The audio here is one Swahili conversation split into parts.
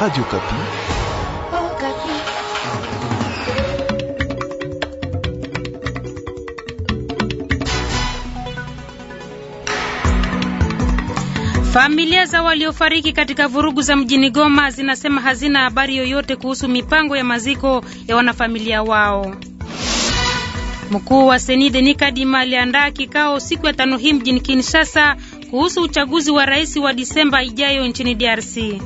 Radio Kapi. Oh, Kapi. Familia za waliofariki katika vurugu za mjini Goma zinasema hazina habari yoyote kuhusu mipango ya maziko ya wanafamilia wao. Mkuu wa Seni Denis Kadima aliandaa kikao siku ya tano hii mjini Kinshasa kuhusu uchaguzi wa rais wa Disemba ijayo nchini DRC.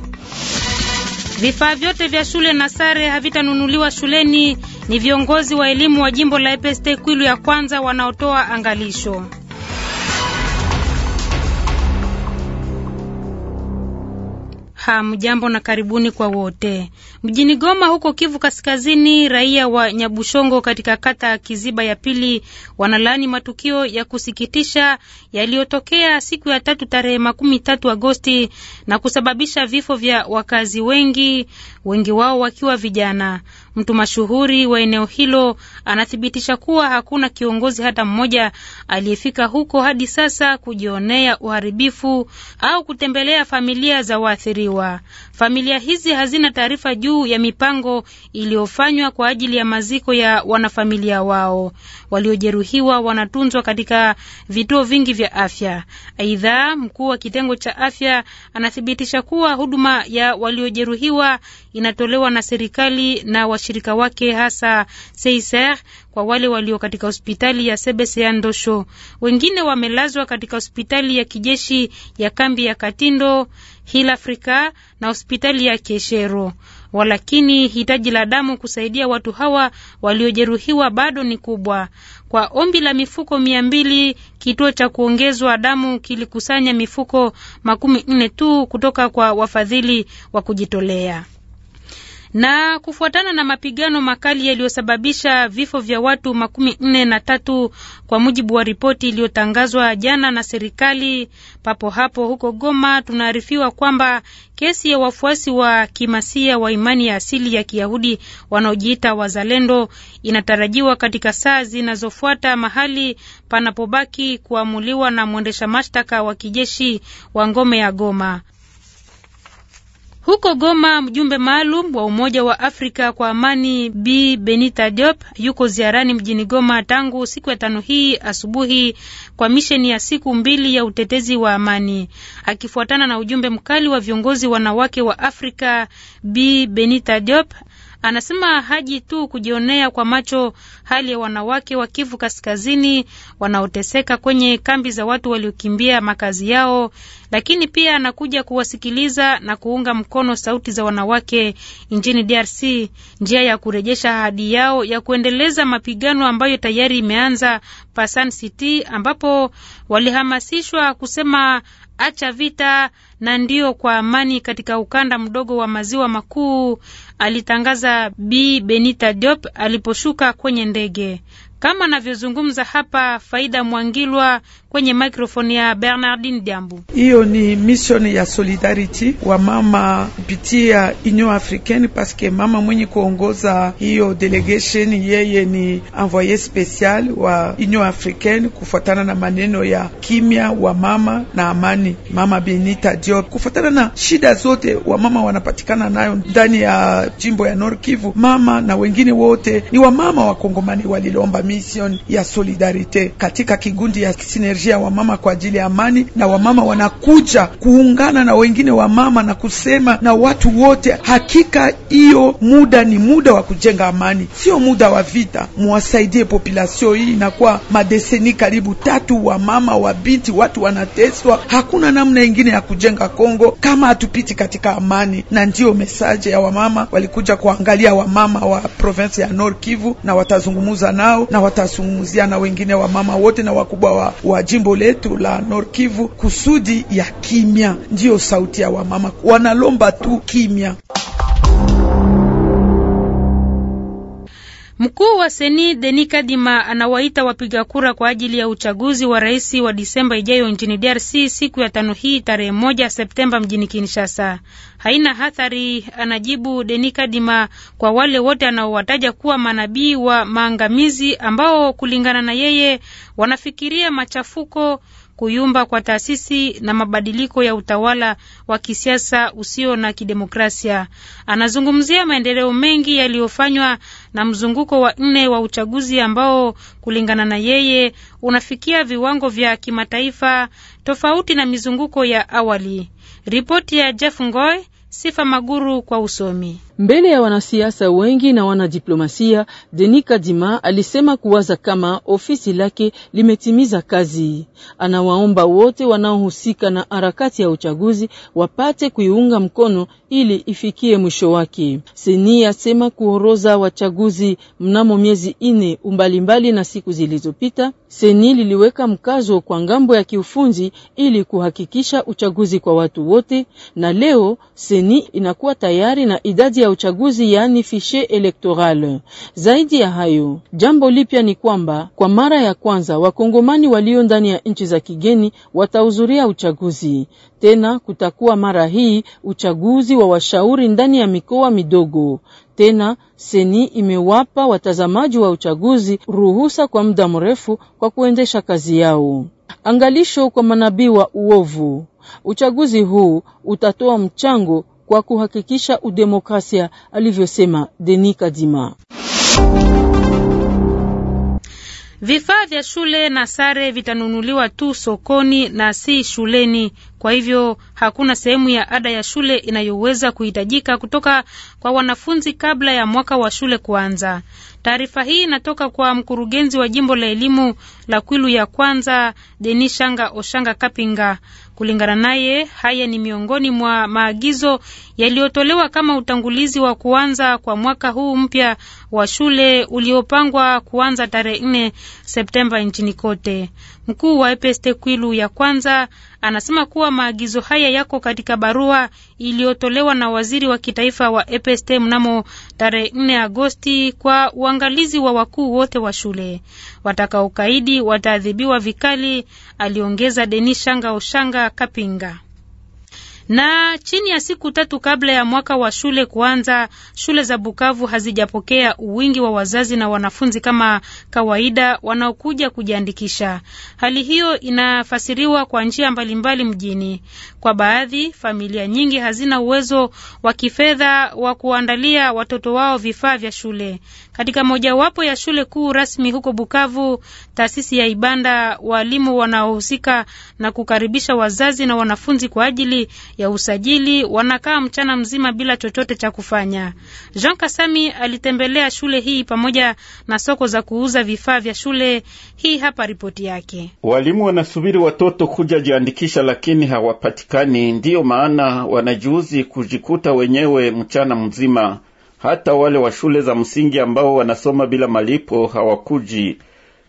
Vifaa vyote vya shule na sare havitanunuliwa shuleni. Ni viongozi wa elimu wa jimbo la EPST Kwilu ya kwanza wanaotoa angalisho. Hamjambo na karibuni kwa wote. Mjini Goma huko Kivu Kaskazini, raia wa Nyabushongo katika kata Kiziba ya pili wanalaani matukio ya kusikitisha yaliyotokea siku ya tatu tarehe makumi tatu Agosti na kusababisha vifo vya wakazi wengi, wengi wao wakiwa vijana. Mtu mashuhuri wa eneo hilo anathibitisha kuwa hakuna kiongozi hata mmoja aliyefika huko hadi sasa kujionea uharibifu au kutembelea familia za waathiriwa. Familia hizi hazina taarifa juu ya mipango iliyofanywa kwa ajili ya maziko ya wanafamilia wao. Waliojeruhiwa wanatunzwa katika vituo vingi vya afya. Aidha, mkuu wa kitengo cha afya anathibitisha kuwa huduma ya waliojeruhiwa inatolewa na serikali na wash washirika wake hasa Seiser kwa wale walio katika hospitali ya Sebesea Ndosho. Wengine wamelazwa katika hospitali ya kijeshi ya kambi ya Katindo Hill Africa na hospitali ya Keshero. Walakini hitaji la damu kusaidia watu hawa waliojeruhiwa bado ni kubwa. Kwa ombi la mifuko mia mbili, kituo cha kuongezwa damu kilikusanya mifuko makumi nne tu kutoka kwa wafadhili wa kujitolea. Na kufuatana na mapigano makali yaliyosababisha vifo vya watu makumi nne na tatu kwa mujibu wa ripoti iliyotangazwa jana na serikali. Papo hapo huko Goma, tunaarifiwa kwamba kesi ya wafuasi wa kimasia wa imani ya asili ya Kiyahudi wanaojiita wazalendo inatarajiwa katika saa zinazofuata mahali panapobaki kuamuliwa na mwendesha mashtaka wa kijeshi wa ngome ya Goma. Huko Goma, mjumbe maalum wa Umoja wa Afrika kwa amani B Benita Diop yuko ziarani mjini Goma tangu siku ya tano hii asubuhi kwa misheni ya siku mbili ya utetezi wa amani, akifuatana na ujumbe mkali wa viongozi wanawake wa Afrika. B Benita Diop Anasema haji tu kujionea kwa macho hali ya wanawake wa Kivu Kaskazini wanaoteseka kwenye kambi za watu waliokimbia makazi yao, lakini pia anakuja kuwasikiliza na kuunga mkono sauti za wanawake nchini DRC, njia ya kurejesha ahadi yao ya kuendeleza mapigano ambayo tayari imeanza Pasan City, ambapo walihamasishwa kusema acha vita na ndio kwa amani katika ukanda mdogo wa maziwa makuu alitangaza Bi Benita Diop aliposhuka kwenye ndege. Kama anavyozungumza hapa Faida Mwangilwa, kwenye maikrofoni ya Bernardine Diambu. Hiyo ni mission ya solidarity wa mama kupitia Union Africaine, paske mama mwenye kuongoza hiyo delegation yeye ni envoye special wa Union Africaine kufuatana na maneno ya kimya wa mama na amani, mama Benita Diop, kufuatana na shida zote wa mama wanapatikana nayo ndani ya jimbo ya Nord Kivu. Mama na wengine wote ni wamama wa Kongomani walilomba mission ya solidarity katika kigundi ya Synergy teknolojia ya wamama kwa ajili ya amani, na wamama wanakuja kuungana na wengine wamama na kusema na watu wote, hakika hiyo muda ni muda wa kujenga amani, sio muda wa vita. Muwasaidie population hii, kwa madeseni karibu tatu, wamama wa binti, watu wanateswa. Hakuna namna ingine ya kujenga Kongo kama hatupiti katika amani, na ndiyo mesaje ya wamama. Walikuja kuangalia wamama wa province ya Nord Kivu, na watazungumuza nao na watazungumzia na wengine wamama wote na wakubwa wa, wa jimbo letu la Nord Kivu kusudi ya kimya. Ndiyo sauti ya wamama wanalomba tu kimya. Mkuu wa Seni Denis Kadima anawaita wapiga kura kwa ajili ya uchaguzi wa rais wa Disemba ijayo nchini DRC siku ya tano hii tarehe moja Septemba mjini Kinshasa. Haina hatari, anajibu Denis Kadima, kwa wale wote anaowataja kuwa manabii wa maangamizi ambao kulingana na yeye wanafikiria machafuko kuyumba kwa taasisi na mabadiliko ya utawala wa kisiasa usio na kidemokrasia. Anazungumzia maendeleo mengi yaliyofanywa na mzunguko wa nne wa uchaguzi ambao kulingana na yeye unafikia viwango vya kimataifa tofauti na mizunguko ya awali. Ripoti ya Jeff Ngoy, Sifa Maguru kwa usomi. Mbele ya wanasiasa wengi na wanadiplomasia, Denis Kadima alisema kuwaza kama ofisi lake limetimiza kazi. Anawaomba wote wanaohusika na harakati ya uchaguzi wapate kuiunga mkono ili ifikie mwisho wake. Seni asema kuoroza wachaguzi mnamo miezi ine umbalimbali na siku zilizopita, Seni liliweka mkazo kwa ngambo ya kiufunzi ili kuhakikisha uchaguzi kwa watu wote, na leo Seni inakuwa tayari na idadi ya uchaguzi yaani fishe elektoral Zaidi ya hayo, jambo lipya ni kwamba kwa mara ya kwanza wakongomani walio ndani ya nchi za kigeni watahudhuria uchaguzi. Tena kutakuwa mara hii uchaguzi wa washauri ndani ya mikoa midogo. Tena seni imewapa watazamaji wa uchaguzi ruhusa kwa muda mrefu kwa kuendesha kazi yao. Angalisho kwa manabii wa uovu: uchaguzi huu utatoa mchango kwa kuhakikisha udemokrasia, alivyosema Denis Kadima. Vifaa vya shule na sare vitanunuliwa tu sokoni na si shuleni. Kwa hivyo hakuna sehemu ya ada ya shule inayoweza kuhitajika kutoka kwa wanafunzi kabla ya mwaka wa shule kuanza. Taarifa hii inatoka kwa mkurugenzi wa jimbo la elimu la Kwilu ya kwanza Denis Shanga Oshanga Kapinga. Kulingana naye, haya ni miongoni mwa maagizo yaliyotolewa kama utangulizi wa kuanza kwa mwaka huu mpya wa shule uliopangwa kuanza tarehe 4 Septemba nchini kote. Mkuu wa EPST Kwilu ya kwanza anasema kuwa maagizo haya yako katika barua iliyotolewa na waziri wa kitaifa wa EPST mnamo tarehe 4 Agosti kwa uangalizi wa wakuu wote wa shule. Watakaokaidi wataadhibiwa vikali, aliongeza Denis Shanga Oshanga Kapinga. Na chini ya siku tatu kabla ya mwaka wa shule kuanza, shule za Bukavu hazijapokea wingi wa wazazi na wanafunzi kama kawaida wanaokuja kujiandikisha. Hali hiyo inafasiriwa kwa njia mbalimbali mjini. Kwa baadhi, familia nyingi hazina uwezo wa kifedha wa kuandalia watoto wao vifaa vya shule katika mojawapo ya shule kuu rasmi huko Bukavu, taasisi ya Ibanda, walimu wanaohusika na kukaribisha wazazi na wanafunzi kwa ajili ya usajili wanakaa mchana mzima bila chochote cha kufanya. Jean Kasami alitembelea shule hii pamoja na soko za kuuza vifaa vya shule. Hii hapa ripoti yake. Walimu wanasubiri watoto kuja jiandikisha, lakini hawapatikani, ndiyo maana wanajuzi kujikuta wenyewe mchana mzima hata wale wa shule za msingi ambao wanasoma bila malipo hawakuji.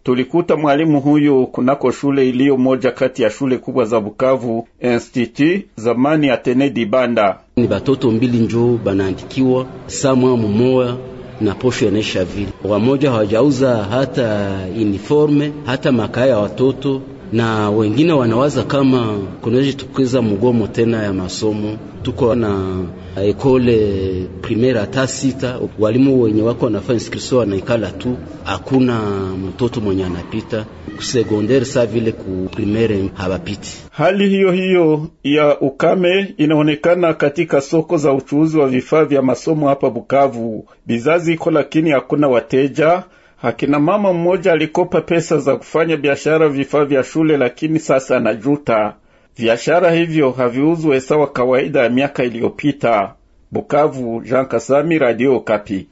Tulikuta mwalimu huyu kunako shule iliyo moja kati ya shule kubwa za Bukavu, Institut zamani Atene Dibanda. Ni batoto mbili njo banaandikiwa samwa mumoya na posho yanaisha vile, wamoja hawajauza hata uniforme hata makaya ya watoto na wengine wanawaza kama tukiza mgomo tena ya masomo. Tuko na ekole primaire hata sita, walimu wenye wako wanafanya inscription wanaikala tu, hakuna mtoto mwenye anapita kusekondere sa vile ku primaire habapiti. Hali hiyo hiyo ya ukame inaonekana katika soko za uchuuzi wa vifaa vya masomo hapa Bukavu. Bizazi iko lakini hakuna wateja. Akina mama mmoja alikopa pesa za kufanya biashara vifaa vya shule, lakini sasa anajuta. Biashara hivyo haviuzwe sawa kawaida ya miaka iliyopita. Bukavu, Jean Kasami, Radio Kapi.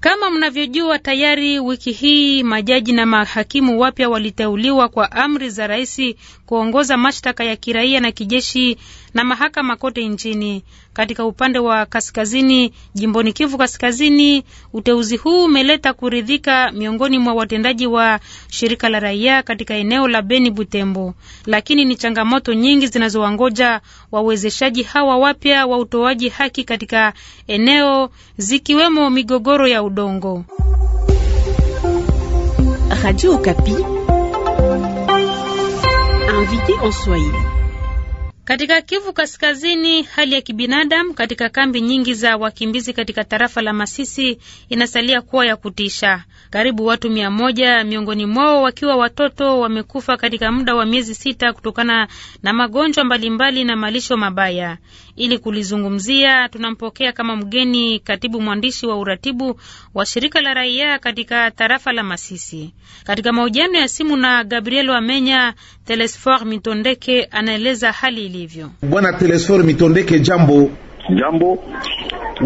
Kama mnavyojua tayari, wiki hii majaji na mahakimu wapya waliteuliwa kwa amri za rais kuongoza mashtaka ya kiraia na kijeshi na mahakama kote nchini. Katika upande wa kaskazini, jimboni Kivu Kaskazini, uteuzi huu umeleta kuridhika miongoni mwa watendaji wa shirika la raia katika eneo la Beni Butembo, lakini ni changamoto nyingi zinazowangoja wawezeshaji hawa wapya wa utoaji haki katika eneo, zikiwemo migogoro ya udongo. Radio Kapi. Invité en Swahili. Katika Kivu Kaskazini, hali ya kibinadamu katika kambi nyingi za wakimbizi katika tarafa la Masisi inasalia kuwa ya kutisha. Karibu watu mia moja, miongoni mwao wakiwa watoto, wamekufa katika muda wa miezi sita kutokana na magonjwa mbalimbali na malisho mabaya. Ili kulizungumzia tunampokea kama mgeni katibu mwandishi wa uratibu wa shirika la raia katika tarafa la Masisi. Katika mahojiano ya simu na Gabriel Wamenya, Telesfor Mitondeke anaeleza hali ilivyo. Bwana Telesfor Mitondeke, jambo. Jambo.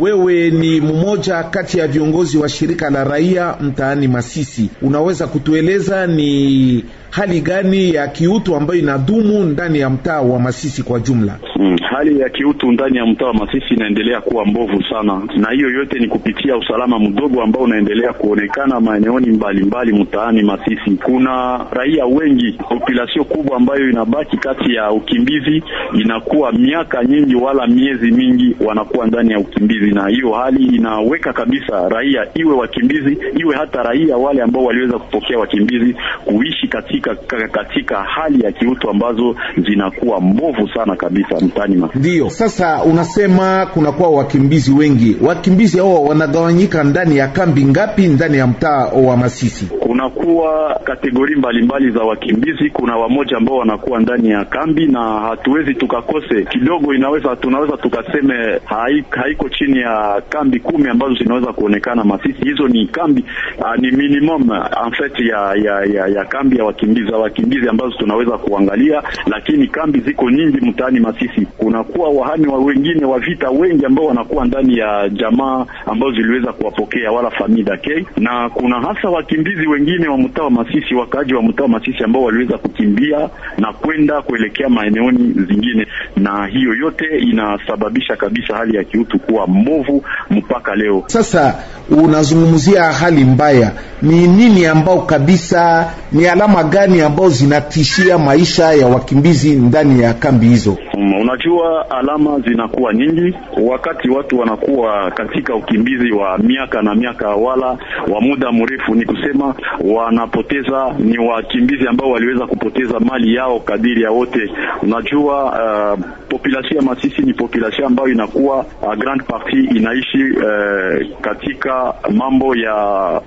Wewe ni mmoja kati ya viongozi wa shirika la raia mtaani Masisi, unaweza kutueleza ni hali gani ya kiutu ambayo inadumu ndani ya mtaa wa Masisi kwa jumla? Hmm, hali ya kiutu ndani ya mtaa wa Masisi inaendelea kuwa mbovu sana, na hiyo yote ni kupitia usalama mdogo ambao unaendelea kuonekana maeneoni mbalimbali mtaani Masisi. Kuna raia wengi, populasio kubwa ambayo inabaki kati ya ukimbizi, inakuwa miaka nyingi wala miezi mingi wanakuwa ndani ya ukimbizi, na hiyo hali inaweka kabisa raia, iwe wakimbizi, iwe hata raia wale ambao waliweza kupokea wakimbizi, kuishi kati katika, katika hali ya kiutu ambazo zinakuwa mbovu sana kabisa mtani ma. sasa unasema kunakuwa wakimbizi wengi, wakimbizi hao wanagawanyika ndani ya kambi ngapi ndani ya mtaa wa Masisi? Kunakuwa kategori mbalimbali mbali za wakimbizi. Kuna wamoja ambao wanakuwa ndani ya kambi na hatuwezi tukakose kidogo, inaweza tunaweza tukaseme haiko, haiko chini ya kambi kumi ambazo zinaweza kuonekana Masisi. Hizo ni kambi uh, ni minimum ah, en fait ya, ya, ya, ya kambi ya wakimbizi wakimbizi wakimbizi ambazo tunaweza kuangalia, lakini kambi ziko nyingi mtaani Masisi. Kunakuwa wahami wa wengine wa vita wengi ambao wanakuwa ndani ya jamaa ambazo ziliweza kuwapokea wala famida ke, na kuna hasa wakimbizi wengine wa mtaa wa Masisi, wakaaji wa mtaa wa Masisi ambao waliweza kukimbia na kwenda kuelekea maeneoni zingine, na hiyo yote inasababisha kabisa hali ya kiutu kuwa mbovu mpaka leo. Sasa unazungumzia hali mbaya, ni nini ambao kabisa ni alama gani gani ambao zinatishia maisha ya wakimbizi ndani ya kambi hizo? Mm, unajua, alama zinakuwa nyingi wakati watu wanakuwa katika ukimbizi wa miaka na miaka, wala wa muda mrefu. Ni kusema wanapoteza, ni wakimbizi ambao waliweza kupoteza mali yao kadiri ya wote. Unajua, uh, population ya Masisi ni population ambayo inakuwa uh, grand partie inaishi uh, katika mambo ya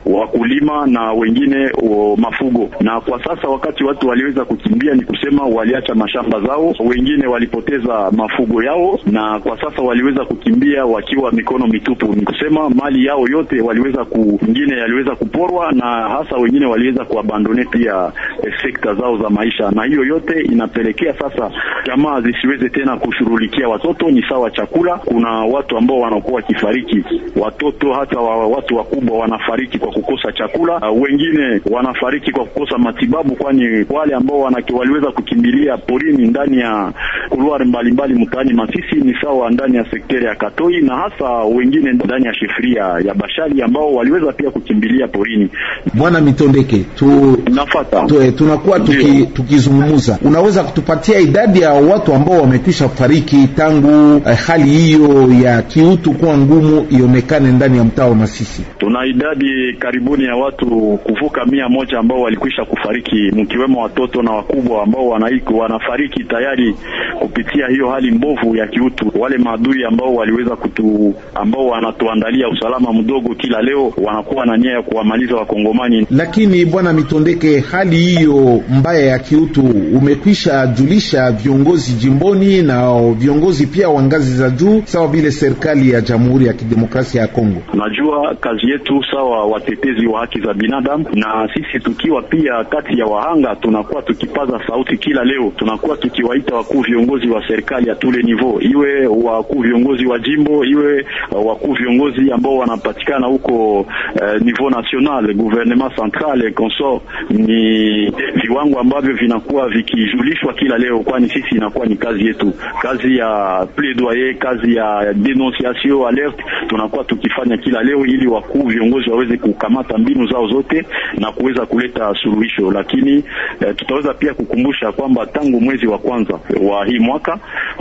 wakulima na wengine uh, mafugo na kwa sasa sasa wakati watu waliweza kukimbia, ni kusema waliacha mashamba zao, wengine walipoteza mafugo yao, na kwa sasa waliweza kukimbia wakiwa mikono mitupu, ni kusema mali yao yote waliweza ku, yaliweza kuporwa, na hasa wengine waliweza kuabandone pia eh, sekta zao za maisha, na hiyo yote inapelekea sasa jamaa zisiweze tena kushughulikia watoto, ni sawa chakula. Kuna watu ambao wanakuwa wakifariki, watoto hata wa, watu wakubwa wanafariki kwa kukosa chakula, wengine wanafariki kwa kukosa matibabu magumu, kwani wale ambao waliweza kukimbilia porini ndani ya kuluari mbalimbali mtaani Masisi ni sawa ndani ya sekteri ya Katoi na hasa wengine ndani ya shifria ya Bashali ambao waliweza pia kukimbilia porini. Bwana Mitondeke, tu nafata tu, eh, tunakuwa tuki, tukizungumuza, unaweza kutupatia idadi ya watu ambao wamekwisha fariki tangu eh, hali hiyo ya kiutu kuwa ngumu ionekane ndani ya mtaa wa Masisi? Tuna idadi karibuni ya watu kuvuka mia moja ambao walikwisha kufariki mkiwemo watoto na wakubwa ambao wanaiku, wanafariki tayari kupitia hiyo hali mbovu ya kiutu. Wale maadui ambao waliweza kutu, ambao wanatuandalia usalama mdogo kila leo, wanakuwa na nia ya kuwamaliza Wakongomani. Lakini bwana Mitondeke, hali hiyo mbaya ya kiutu umekwisha julisha viongozi jimboni na viongozi pia wa ngazi za juu, sawa vile serikali ya Jamhuri ya Kidemokrasia ya Kongo. Najua kazi yetu sawa watetezi wa haki za binadamu, na sisi tukiwa pia kati ya wahanga, tunakuwa tukipaza sauti kila leo, tunakuwa tukiwaita wakuu viongozi wa serikali ya tule nivo, iwe wakuu viongozi wa jimbo, iwe wakuu viongozi ambao wanapatikana huko eh, nivo national gouvernement central et consort. Ni viwango ambavyo vinakuwa vikijulishwa kila leo, kwani sisi inakuwa ni kazi yetu, kazi ya plaidoyer, kazi ya denonciation alerte, tunakuwa tukifanya kila leo, ili wakuu viongozi waweze kukamata mbinu zao zote na kuweza kuleta suluhisho lakini lakini e, eh, tutaweza pia kukumbusha kwamba tangu mwezi wa kwanza wa hii mwaka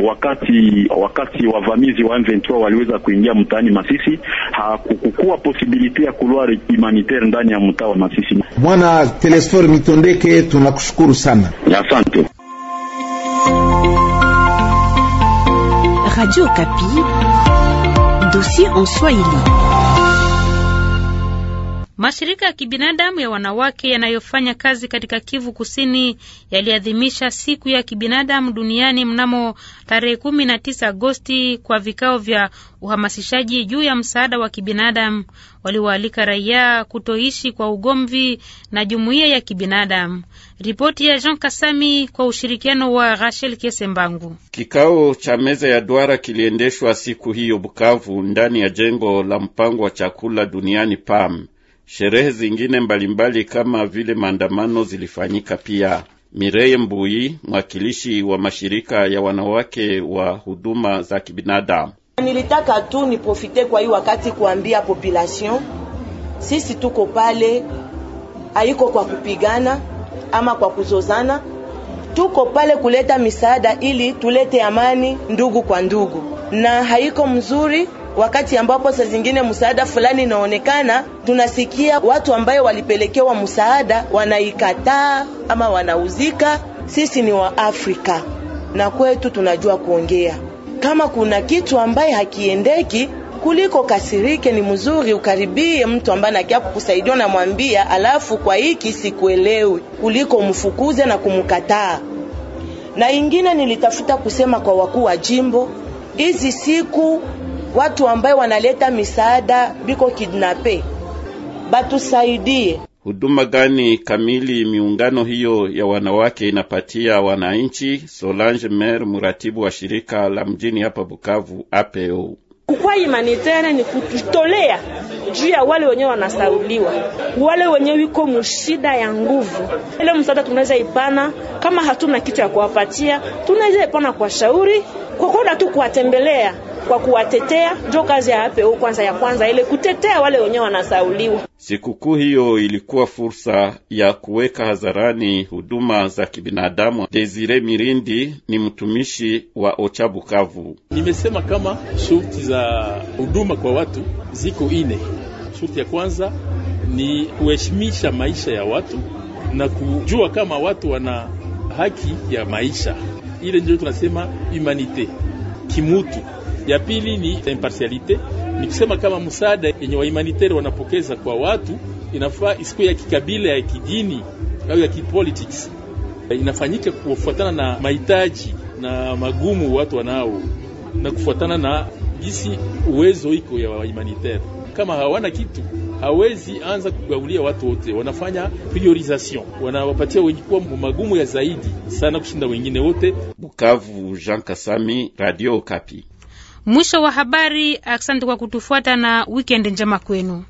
wakati wakati wavamizi wa M23 waliweza kuingia mtaani Masisi, hakukuwa posibilite ya couloir humanitaire ndani ya mtaa wa Masisi. Bwana Telesfor Mitondeke, tunakushukuru sana, asante. Radio Kapi, dossier en Swahili. Mashirika ya kibinadamu ya wanawake yanayofanya kazi katika Kivu Kusini yaliadhimisha siku ya kibinadamu duniani mnamo tarehe 19 Agosti kwa vikao vya uhamasishaji juu ya msaada wa kibinadamu. Waliwaalika raia kutoishi kwa ugomvi na jumuiya ya kibinadamu. Ripoti ya Jean Kasami kwa ushirikiano wa Rachel Kesembangu. Kikao cha meza ya duara kiliendeshwa siku hiyo Bukavu, ndani ya jengo la mpango wa chakula duniani PAM. Sherehe zingine mbalimbali kama vile maandamano zilifanyika pia. Mireye Mbuyi, mwakilishi wa mashirika ya wanawake wa huduma za kibinadamu: nilitaka tu niprofite kwa hii wakati kuambia population sisi tuko pale, haiko kwa kupigana ama kwa kuzozana, tuko pale kuleta misaada ili tulete amani ndugu kwa ndugu, na haiko mzuri wakati ambapo saa zingine msaada fulani inaonekana, tunasikia watu ambayo walipelekewa msaada wanaikataa ama wanauzika. Sisi ni wa Afrika na kwetu tunajua kuongea. Kama kuna kitu ambaye hakiendeki kuliko kasirike, ni mzuri ukaribie mtu ambaye anakia kukusaidia, namwambia alafu kwa hiki sikuelewi, kuliko mfukuze na kumkataa. Na ingine nilitafuta kusema kwa wakuu wa jimbo, hizi siku watu ambaye wanaleta misaada biko kidnape, batusaidie. Huduma gani kamili miungano hiyo ya wanawake inapatia wananchi? Solange Mer, muratibu wa shirika la mjini hapa Bukavu, APO. Kukua humanitaire ni kututolea juu ya wale wenyewe wanasauliwa, wale wenyewe wiko mushida ya nguvu. Ile msaada tunaweza ipana, kama hatuna kitu ya kuwapatia, tunaweza ipana kwa shauri, kwa kwenda tu kuwatembelea, kwa kuwatetea. Ndio kazi ya hapo kwanza, ya kwanza ile kutetea wale wenyewe wanasauliwa. Sikukuu hiyo ilikuwa fursa ya kuweka hadharani huduma za kibinadamu. Desire Mirindi ni mtumishi wa Ocha Bukavu. Nimesema kama shurti za huduma kwa watu ziko ine. Shurti ya kwanza ni kuheshimisha maisha ya watu na kujua kama watu wana haki ya maisha, ile ndio tunasema humanite kimutu. Ya pili ni impartialite kusema kama msaada yenye wahumanitari wanapokeza kwa watu inafaa isikuwe ya kikabila, ya kidini au ya kipolitics. E, Inafanyika kufuatana na mahitaji na magumu watu wanao na kufuatana na jinsi uwezo iko ya wahumanitari. Kama hawana kitu hawezi anza kugaulia watu wote, wanafanya priorisation, wanawapatia wengi kuwa magumu ya zaidi sana kushinda wengine wote. Bukavu, Jean Kasami, Radio Kapi. Mwisho wa habari. Asante kwa kutufuata na wikendi njema kwenu.